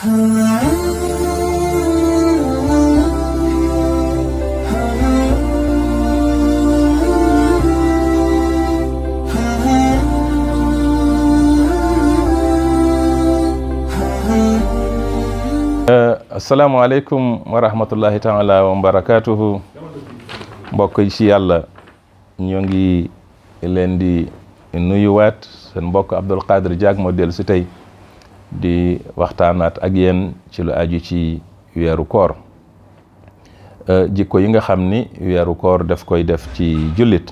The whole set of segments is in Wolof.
Uh, assalamu aleykum wa rahmatullahi taala wa barakatuhu mbokk yi ci yàlla ñoo ngi leen di nuyuwaat seen mbokk Abdul Qadir Diack moo dellu si tey di waxtaanaat ak yéen ci lu aju ci weeru koor euh, jikko yi nga xam ni weeru koor def koy def ci jullit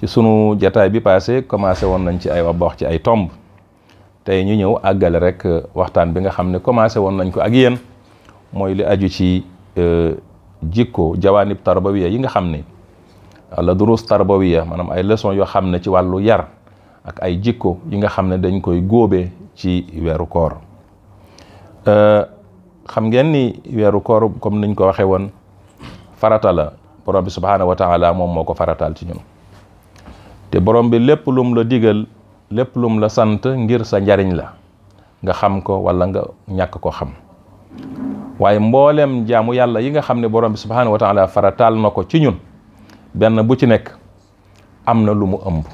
ci sunu jataay bi passé commencé woon nañ ci ay wax ci ay tomb tey ñu ñëw àggale rek euh, waxtaan bi nga xam ne commencé woon nañ ko ak yéen mooy lu aju ci euh, jikko jawaanib tarbawiya yi nga xam ni wala durus tarbawiya maanaam ay leçon yoo xam ne ci wàllu yar ak ay jikko yi nga xam ne dañ koy góobee ci weeru koor euh, xam ngeen ni weeru koor comme niñ ko waxee woon farata la borom bi subhaanahu wa moom moo ko farataal ci ñun te borom bi lépp lum la digal lépp lum la sant ngir sa njariñ la nga xam ko walla nga ñàkk ko xam waaye mboolem jaamu yàlla yi nga xam ne borom bi subhaanahu wa taala farataal na ko ci ñun benn bu ci nekk am na lu mu ëmb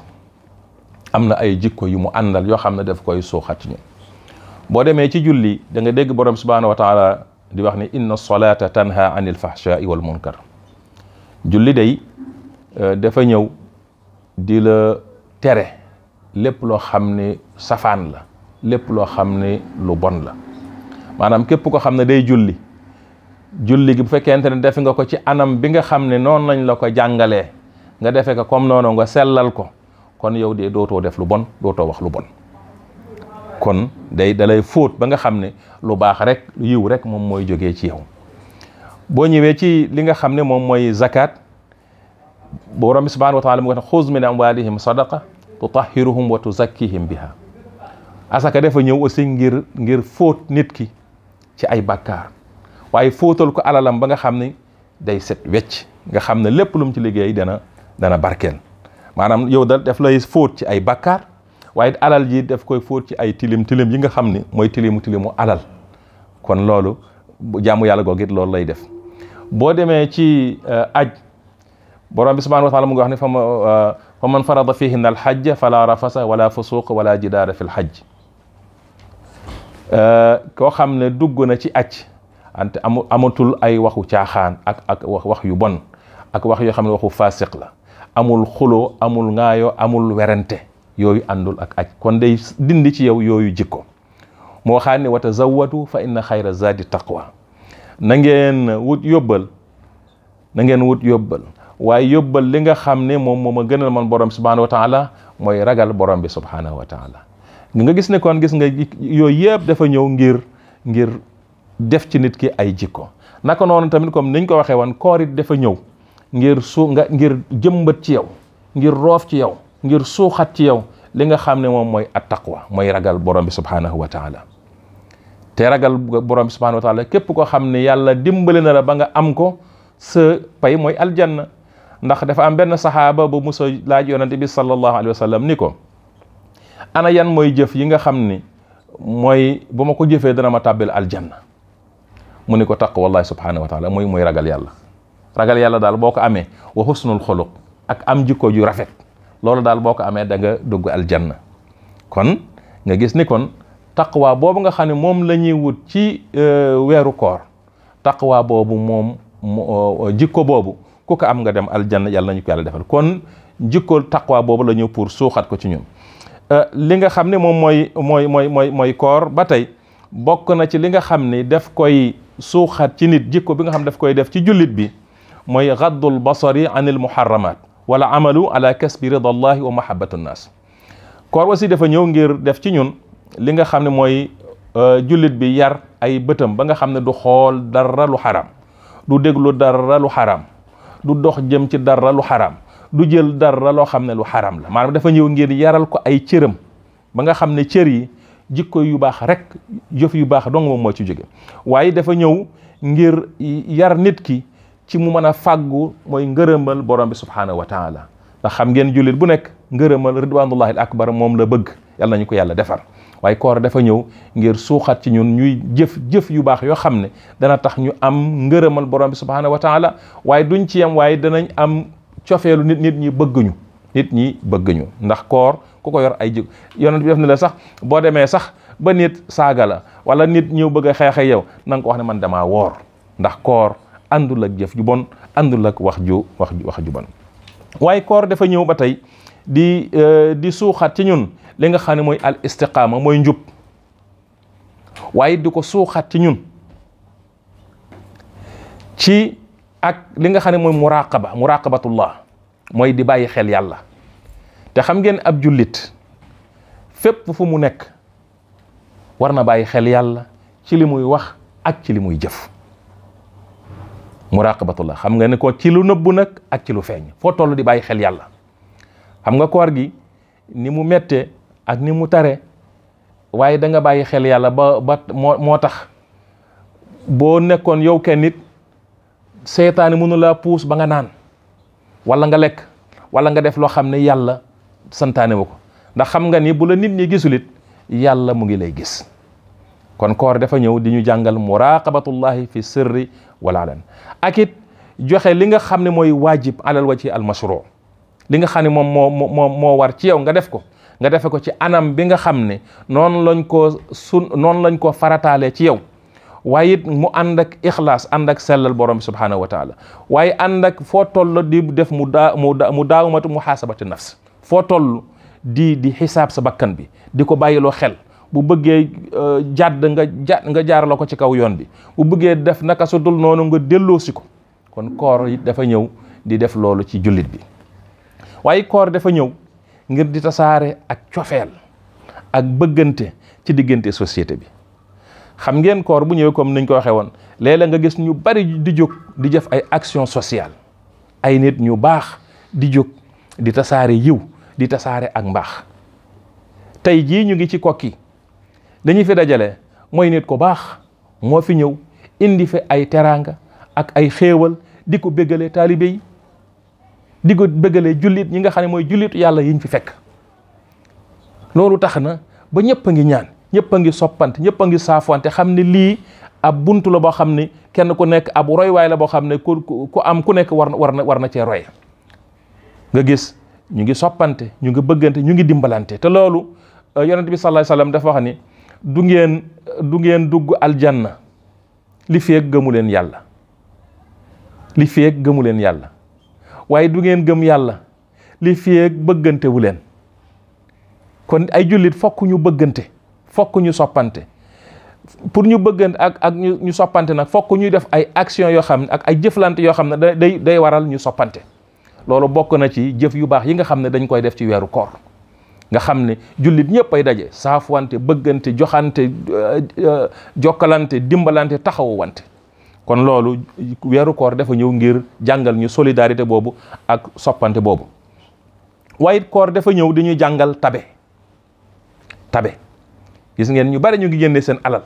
am na ay jikko yu mu àndal yoo xam ne daf koy suuxat ñu boo demee ci julli da nga dégg borom subhaanahu wa taala di wax ni inna solata tanha anil fahshaai wal munkar julli day euh, dafa ñëw di la tere lépp loo xam ne safaan la lépp loo xam ne lu bon la maanaam képp ko xam ne day julli julli gi bu fekkente ne defe nga ko ci anam bi nga xam ne noonu lañ la ko jàngalee nga defe ko comme noonu nga sellal ko kon yow de dootoo def lu bon dootoo wax lu bon kon day dalay fóot ba nga xam ne lu baax rek lu yiw rek moom mooy jógee ci yow boo ñëwee ci li nga xam ne moom mooy zakat borom bi subhanahu wa taala mu wax ne xuz min amwalihim sadaqa tutahhiruhum wa tuzakkihim biha asaka dafa ñëw ngir ngir fóot nit ki ci ay bàkkaar waaye fóotal ko alalam ba nga xam ne day set wecc nga xam ne lépp lum ci liggéey dana dana barkeel maanaam yow da def lay fóot ci ay bakkar waaye alal ji def koy fóot ci ay tilim tilim yi nga xam ni mooy tilimu tilimu alal kon loolu jaamu yàlla googu it loolu lay def boo demee ci eh, aj borom bi subhanahu wa mu ngi wax ne fa ma eh, fa man farada fihinna alxajja fala rafasa wala fusuq wala jidaara fi lxajj eh, koo xam ne dugg na ci aj ante amatul ay waxu caaxaan ak ak wax yu bon ak wax yoo xam ne waxu fasiq la amul xuloo amul ŋaayoo amul werante yooyu àndul ak ak kon day dindi ci yow yooyu jikko moo xam ne wa tazawwadu fa inna xayra zaadi taqwa na ngeen wut yóbbal na ngeen wut yóbbal waaye yobbal li nga xam ne moom moom a gënal man borom bi subhaanahu wa taala mooy ragal borom bi subhaanahu wa taala nga gis ne kon gis nga yooyu yëpp dafa ñëw ngir ngir def ci nit ki ay jikko naka noonu tamit comme niñ ko waxee woon korit it dafa ñëw ngir su nga ngir jëmbat ci yow ngir roof ci yow ngir suuxat ci yow li nga xam ne moom mooy at taqwa mooy ragal borom bi subhaanahu wa taala te ragal borom bi subhaanahu wa taala képp koo xam ne yàlla dimbali na la ba nga am ko sa pay mooy aljanna ndax dafa am benn saxaaba bu musa laaj yoona bi sallallahu alayhi wa sallam ni ko ana yan mooy jëf yi nga xam ni mooy bu ma ko jëfee dana ma tàbbil aljanna mu ni ko taqwallahi subhaanahu wa taala mooy mooy ragal yàlla ragal yàlla daal boo ko amee wa husnul xuluq ak am jikko ju rafet loolu daal boo ko amee danga nga dugg aljanna kon nga gis ni kon taqwa boobu nga xam ne moom la ñuy wut ci euh, weeru koor taqwa boobu moom euh, jikko boobu ku am nga dem aljanna yàlla nañu ko yàlla defal kon jikko taqwa boobu la ñëw pour suuxat ko ci ñun euh, li nga xam ne moom mooy mooy mooy mooy mooy koor ba tey bokk na ci li nga xam ni def koy suuxat ci nit jikko bi nga xam daf koy def ci jullit bi mooy gaddul basari anil muharramat wala amalu ala kasbi ridallahi wa mahabbatu nnaas koor aussi dafa ñëw ngir def ci ñun li nga xam ne mooy euh, jullit bi yar ay bëtam ba nga xam ne du xool dara lu xaraam du déglu dara lu xaraam du dox jëm ci dara lu xaraam du jël dara loo xam ne lu xaraam la maanaam dafa ñëw ngir yaral ko ay cëram ba nga xam ne cër yi jikko yu baax rek jëf yu baax dong moom moo ci jóge waaye dafa ñëw ngir yar nit ki ci mu mën a fàggu mooy ngërëmal borom bi subhaanahu wa taala ndax xam ngeen jullit bu nekk ngërëmal ridwanullahi al akbar moom la bëgg yàlla nañu ko yàlla defar waaye koor dafa ñëw ngir suuxat ci ñun ñuy jëf jëf yu baax yoo xam ne dana tax ñu am ngërëmal borom bi subhaanahu wa taala waaye duñ ci yem waaye danañ am cofeelu nit nit ñi bëgguñu nit ñi bëgguñu ndax koor ku ko yor ay jikko yonent def na la sax boo demee sax ba nit saaga la wala nit ñëw bëgg a xeexe yow na ko wax ne man damaa woor àndul ak jëf ju bon àndul ak wax ju wax ju wax ju bon waaye koor dafa ñëw ba tey di euh, di suuxaat ci ñun li nga xam ne mooy al istiqaama mooy njub waaye di ko suuxaat ci ñun ci ak li nga xam ne mooy muraqaba muraqabatullah mooy di bàyyi xel yàlla te xam ngeen ab jullit fépp fu mu nekk war na bàyyi xel yàlla ci li muy wax ak ci li muy jëf muraqabatullah xam nga ne ko ci lu nëbbu nag ak ci lu feeñ foo toll di bàyyi xel yàlla xam nga koor gi ni mu mette ak ni mu tare waaye da nga bàyyi xel yàlla ba ba moo moo tax boo nekkoon yow kenn nit seytaane mënu laa puus ba nga naan wala nga lekk wala nga def loo xam ne yàlla santaane wu ko ndax xam nga ni bu la nit ñi gisulit yàlla mu ngi lay gis kon koor dafa ñëw di ñu jàngal muraqabatullahi fi sirri wala alan ak joxe li nga xam ne mooy waajib alal wa ci al li nga xam ne moom moo moo war ci yow nga def ko nga defe ko ci anam bi nga xam ne noon lañ ko sun noonu lañ koo farataalee ci yow waaye it mu ànd ak ixlaas ànd ak sellal borom bi subhaanahu wa waaye ànd ak foo toll di def mu daa mu da mu daawumatu muhaasabati nafs foo toll di di xisaab sa bakkan bi di ko bàyyiloo xel bu bëggee euh, jàdd nga ja nga jaarale ko ci kaw yoon bi bu bëggee def naka su dul noonu nga delloosi ko kon koor it dafa ñëw di def loolu ci jullit bi waaye koor dafa ñëw ngir di tasaare ak cofeel ak bëggante ci diggante société bi xam ngeen koor bu ñëwee comme niñ ko waxee woon léeg nga gis ñu bari di jóg di def ay action sociale ay nit ñu baax di jóg di tasaare yiw di tasaare ak mbaax tey jii ñu ngi ci kokki dañuy fi dajale mooy nit ko baax moo fi ñëw indi fi ay teraanga ak ay xéewal di ko béggalee taalibe yi di ko béggalee jullit ñi nga xam ne mooy jullitu yàlla yiñ fi fekk loolu tax na ba ñëpp a ngi ñaan ñëpp a ngi soppante ñëpp a ngi saafante xam ne lii ab bunt la boo xam ne kenn ku nekk ab roywaay la boo xam ne ku ku am ku nekk war war na war na cee roy nga gis ñu ngi soppante ñu ngi bëggante ñu ngi dimbalante te loolu euh, yonent bi sallallahu alayhi wasallam dafa wax ni du ngeen du ngeen dugg aljanna li feeg gëmu leen yàlla li feeg gëmu leen yàlla waaye du ngeen gëm yàlla li feeg bëggantewu leen kon ay jullit fokk ñu bëggante fokk ñu soppante pour ñu bëggante ak ak ñu soppante nag fokk ñuy def ay action yoo xam ne ak ay jëflante yoo xam ne day day waral ñu soppante loolu bokk na ci jëf yu baax yi nga xam ne dañ koy def ci weeru koor nga xam ne jullit ñëpp ay daje saafuwante bëggante joxante euh, euh, jokkalante dimbalante wante kon loolu weeru koor dafa ñëw ngir jàngal ñu solidarité boobu ak soppante boobu waaye koor dafa ñëw di ñu jàngal tabe tabe gis ngeen ñu bari ñu ngi génne seen alal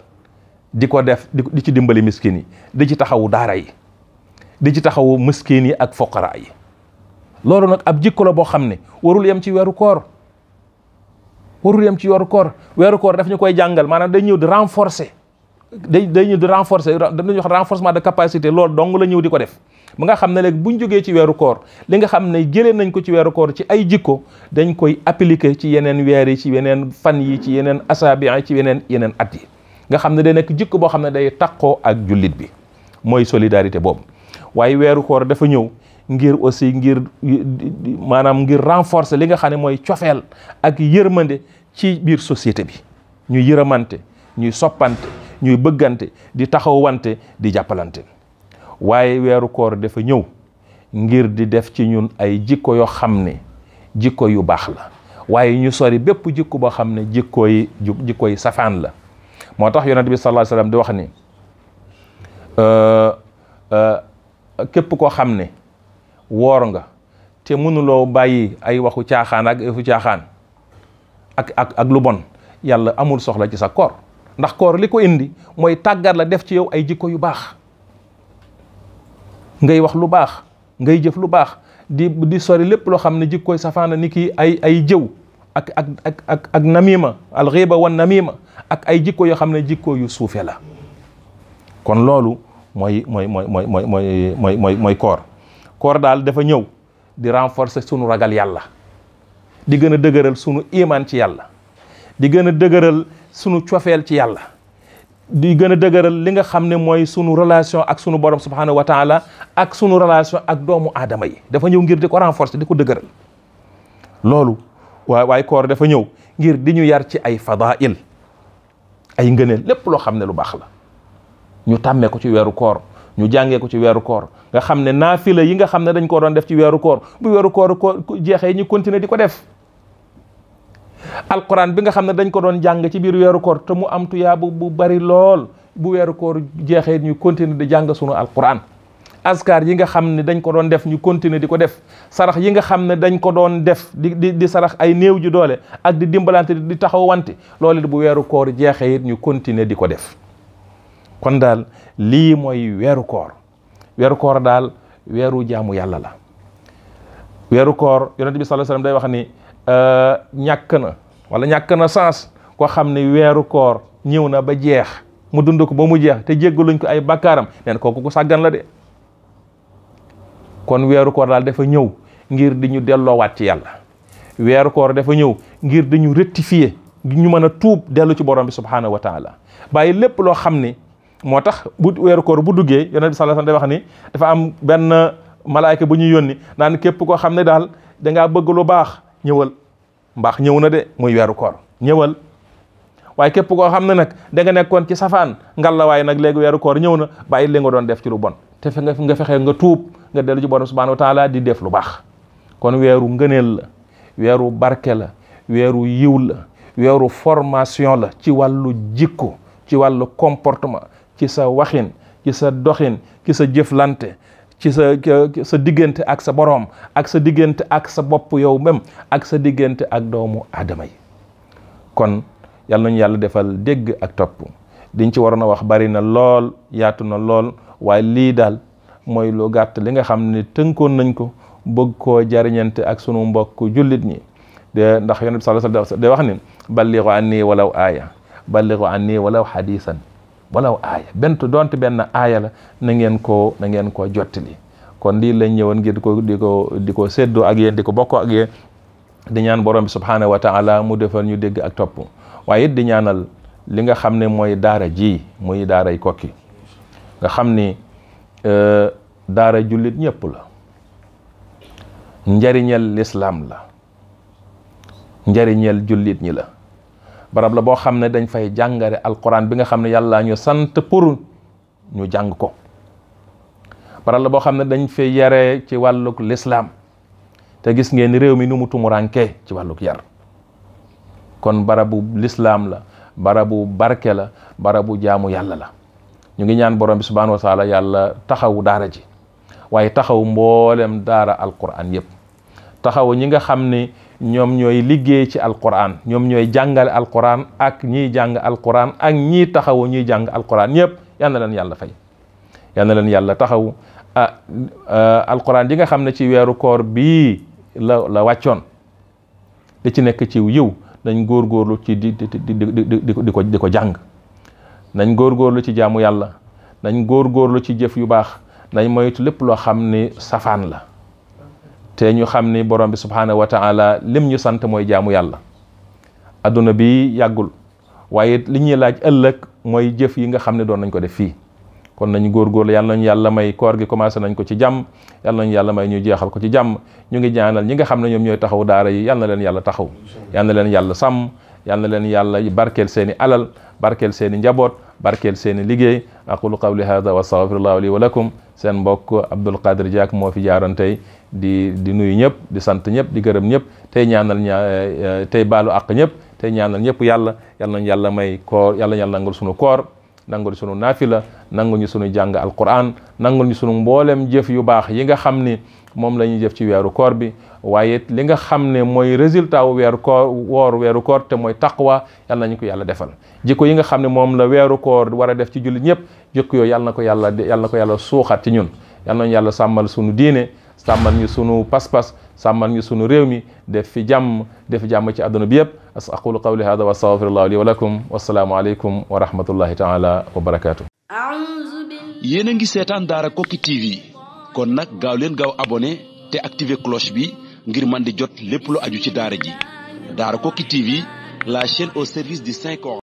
di ko def di ci dimbali miskin yi di ci taxawu daara yi di ci taxawu miskin yi ak foqara yi loolu nag ab jikko boo xam ne warul yem ci weeru koor warul yem ci weeru koor weeru koor daf ñu koy jàngal maanaam day ñëw di renforcer day day ñëw di renforcer dañuy wax renforcement de capacité loolu dong la ñëw di ko def ba nga xam ne léegi bu ñu jógee ci weeru koor li nga xam ne jëlee nañ ko ci weeru koor ci ay jikko dañ koy appliquer ci yeneen weer yi ci yeneen fan yi ci yeneen asaabi ci yeneen yeneen at yi nga xam ne day nekk jikko boo xam ne day taqoo ak jullit bi mooy solidarité boobu waaye weeru koor dafa ñëw ngir aussi ngir maanaam ngir renforcer li nga xam ne mooy cofeel ak yërmande ci biir société bi ñuy yërëmante ñuy soppante ñuy bëggante di taxawante di jàppalante waaye weeru koor dafa ñëw ngir di def ci ñun ay jikko yoo xam ne jikko yu baax la waaye ñu sori bépp jikko boo xam ne jikko yi jikko yi safaan la moo tax yonent bi sallallahu alayhi wasallam di wax ni euh, euh, képp koo xam ne woor nga te mënuloo bàyyi ay waxu caaxaan ak yëfu caaxaan ak ak ak lu bon yàlla amul soxla ci sa koor ndax koor li ko indi mooy tàggat def ci yow ay jikko yu baax ngay wax lu baax ngay jëf lu baax di di sori lépp loo xam ne jikkooy safaana ni kii ay ay jëw ak ak ak ak ak namima alxiiba wan namima ak ay jikko yoo xam ne jikko yu suufe la kon loolu mooy mooy mooy mooy mooy mooy mooy mooy koor koor daal dafa ñëw di renforcer sunu ragal yàlla di gën a dëgëral sunu imaan ci yàlla di gën a dëgëral sunu cofeel ci yàlla di gën a dëgëral li nga xam ne mooy sunu relation ak sunu borom subhanahu wa taala ak sunu relation ak doomu aadama yi dafa ñëw ngir di ko renforcer di ko dëgëral loolu waaye waaye koor dafa ñëw ngir di ñu yar ci ay fadail ay ngëneel lépp loo xam ne lu baax la ñu tàmmee ko ci weeru koor ñu jàngee ko ci weeru koor nga xam ne naa naafila yi nga xam ne dañ ko doon def ci weeru koor bu weeru koor ko jeexee ñu continuer di ko def alquran bi nga xam ne dañ ko doon jàng ci biir weeru koor te mu am tuyaaba bu bari lool bu weeru koor jeexee ñu continuer di jàng sunu alquran askar yi nga xam ne dañ ko doon def ñu continuer di ko def sarax yi nga xam ne dañ ko doon def di di di sarax ay néew ji doole ak di dimbalante di taxawante loolu bu weeru koor jeexee it ñu continuer di ko def kon daal lii mooy weeru koor weeru koor daal weeru jaamu yàlla la weeru koor yonent bi sallallahu day wax ni euh, ñàkk na wala ñàkk na sens koo xam ne weeru koor ñëw na ba jeex mu dund ko ba mu jeex te jéggaluñ ko ay bàkkaaram nee na kooku ku sàggan la de kon weeru koor daal dafa ñëw ngir di ñu delloowaat ci yàlla weeru koor dafa ñëw ngir di ñu rectifier ñu mën a tuub dellu ci borom bi subhaanahu wa taala lépp loo xam ne moo tax bu weeru koor bu duggee yonent bi sallallahu alayhi day wax ni dafa am benn malaayka bu ñuy yónni naan képp koo xam ne daal da bëgg lu baax ñëwal mbaax ñëw na de muy weeru koor ñëwal waaye képp koo xam ne nag danga nekkoon ci safaan la waaye nag léegi weeru koor ñëw na bàyyi li nga doon def ci lu bon te fe nga fexe nga tuub nga dellu ci borom subhanahu wa taala di def lu baax kon weeru ngëneel la weeru barke la weeru yiw la weeru formation la ci wàllu jikko ci wàllu comportement ci sa waxin ci sa doxin ci sa jëflante ci sa sa diggante ak sa boroom ak sa diggante ak sa bopp yow même ak sa diggante ak doomu aadama yi kon yàlla nañu yàlla defal dégg ak topp diñ ci waroon a wax bari na lool yaatu na lool waaye lii daal mooy lu gàtt li nga xam ne tënkoon nañ ko bëgg koo jariñante ak sunu mbokk jullit ñi de ndax yonent bi sallallahu alayhi wasallam day wax ni ballighu anni walaw aaya ballighu anni hadisan walaw aaya benn donte benn aaya la na ngeen koo na ngeen koo jottali kon lii lañ ñëwoon ngir di ko di ko di ko séddoo ak yéen di ko bokkoo ak yéen di ñaan borom bi subhaanahu wa taala mu defal ñu dégg ak topp waaye it di ñaanal li nga xam ne mooy daara ji muy daaray kokki nga xam ni euh, daara jullit ñëpp la njariñal lislaam la njariñal jullit ñi la barab la boo xam ne dañ fay jàngare alquran bi nga xam ne yàlla ñu sant pour ñu jàng ko barab la boo xam ne dañ fay yare ci wàllug lislaam te gis ngeen réew mi nu mu tumurankee ci wàllug yar kon barabu lislaam la barabu barke la barabu jaamu yàlla la ñu ngi ñaan borom bi subhaanahu wa yàlla taxawu daara ji waaye taxaw mboolem daara alquran yépp taxaw ñi nga xam ni ñoom ñooy liggéey ci alxuraan ñoom ñooy jàngale alquran ak ñiy jàng alquran ak ñiy taxawu ñiy jàng alquran ñëpp yal leen yàlla fay yal leen yàlla taxawu ah, ah alquran nga xam ne ci weeru koor bii la la wàccoon li ci nekk ciw yiw góor góorlu ci di di di di ko di ko jàng nañ góorgóorlu ci jaamu yàlla góor góorgóorlu ci jëf yu baax nañ moytu lépp loo xam ne safaan la te ñu xam ni borom bi subhaanahu wa taala lim ñu sant mooy jaamu yàlla adduna bi yàggul waaye li ñuy laaj ëllëg mooy jëf yi nga xam ne doon nañ ko def fii kon nañu góorgóorlu yàlla nañu yàlla may koor gi commencé nañ ko ci jàmm yàlla nañu yàlla may ñu jeexal ko ci jàmm ñu ngi jaanal ñi nga xam ne ñoom ñooy taxaw daara yi yàlla na leen yàlla taxaw yàlla na leen yàlla sàmm yàlla na leen yàlla barkeel seeni alal barkeel seeni njaboot barkeel seeni liggéey aqulu qawli hada wa astaghfirullah li wa seen mbokk Abdul Qadir Diak moo fi jaaroon tey di di nuyu ñëpp di sant ñëpp di gërëm ñëpp tey ñaanal ña eh, tey baalu àq ñëpp tey ñaanal ñëpp yàlla yàlla nañ yàlla may koor yàlla yàlla nangul sunu koor nangul sunu naafila nangul ñu sunu jàng alquran nangul ñu sunu mboolem jëf yu baax yi nga xam ni moom lañuy ñuy ci weeru koor bi waaye li nga xam ne mooy résultat wu weeru koor woor weeru koor te mooy taqwa yàlla nañu ko yàlla defal jikko yi nga xam ne moom la weeru koor war def ci jullit ñëpp jikko yooyu yàlla na ko yàlla yàlla na ko yàlla suuxat ci ñun yàlla nañu yàlla sàmmal sunu diine sàmmal ñu sunu pas-pas sàmmal ñu sunu réew mi def fi jàmm def jàmm ci àdduna bi yëpp as aqulu qawli hada wa astaghfirullah li wa lakum wassalaamu aleykum wa rahmatullahi taala wa barakatuh yéen a ngi seetaan Daara Koki TV kon nag gaaw leen te activer bi ngir man di jot lépp lu aju ci daara ji Daarakoki TV la chaîne au service di cinq Coran